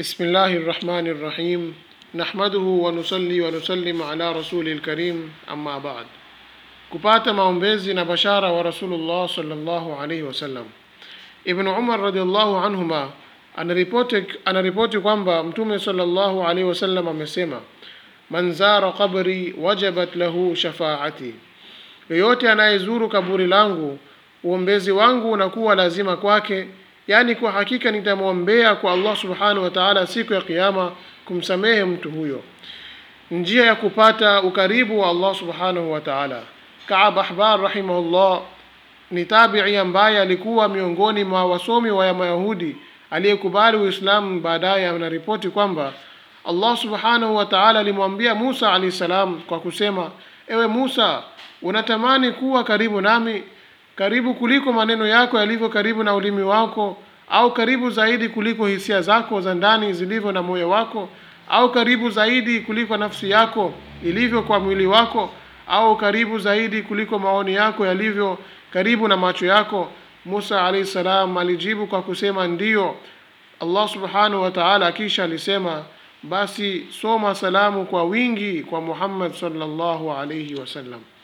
بسم الله الرحمن الرحيم نحمده ونصلي ونسلم rasuli رسول الكريم أما kupata maombezi na bashara wa rasulullah sallallahu alaihi wasallam ibnu umar radiallahu anhuma anaripoti, kwamba mtume sallallahu alaihi wasallam amesema man zara qabri wajabat lahu shafaati yoyote anayezuru kaburi langu uombezi wangu unakuwa lazima kwake yani kwa hakika nitamwombea kwa Allah subhanahu wa ta'ala siku ya kiyama kumsamehe mtu huyo njia ya kupata ukaribu wa Allah subhanahu wa ta'ala Kaab Ahbar rahimahullah ni tabi'i ambaye alikuwa miongoni mwa wasomi wa Mayahudi aliyekubali Uislamu baadaye anaripoti kwamba Allah subhanahu wa ta'ala alimwambia Musa alayhi salam kwa kusema ewe Musa unatamani kuwa karibu nami karibu kuliko maneno yako yalivyo karibu na ulimi wako, au karibu zaidi kuliko hisia zako za ndani zilivyo na moyo wako, au karibu zaidi kuliko nafsi yako ilivyo kwa mwili wako, au karibu zaidi kuliko maoni yako yalivyo karibu na macho yako. Musa alayhi salam alijibu kwa kusema ndiyo. Allah subhanahu wa ta'ala kisha alisema, basi soma salamu kwa wingi kwa Muhammad sallallahu alayhi wasallam.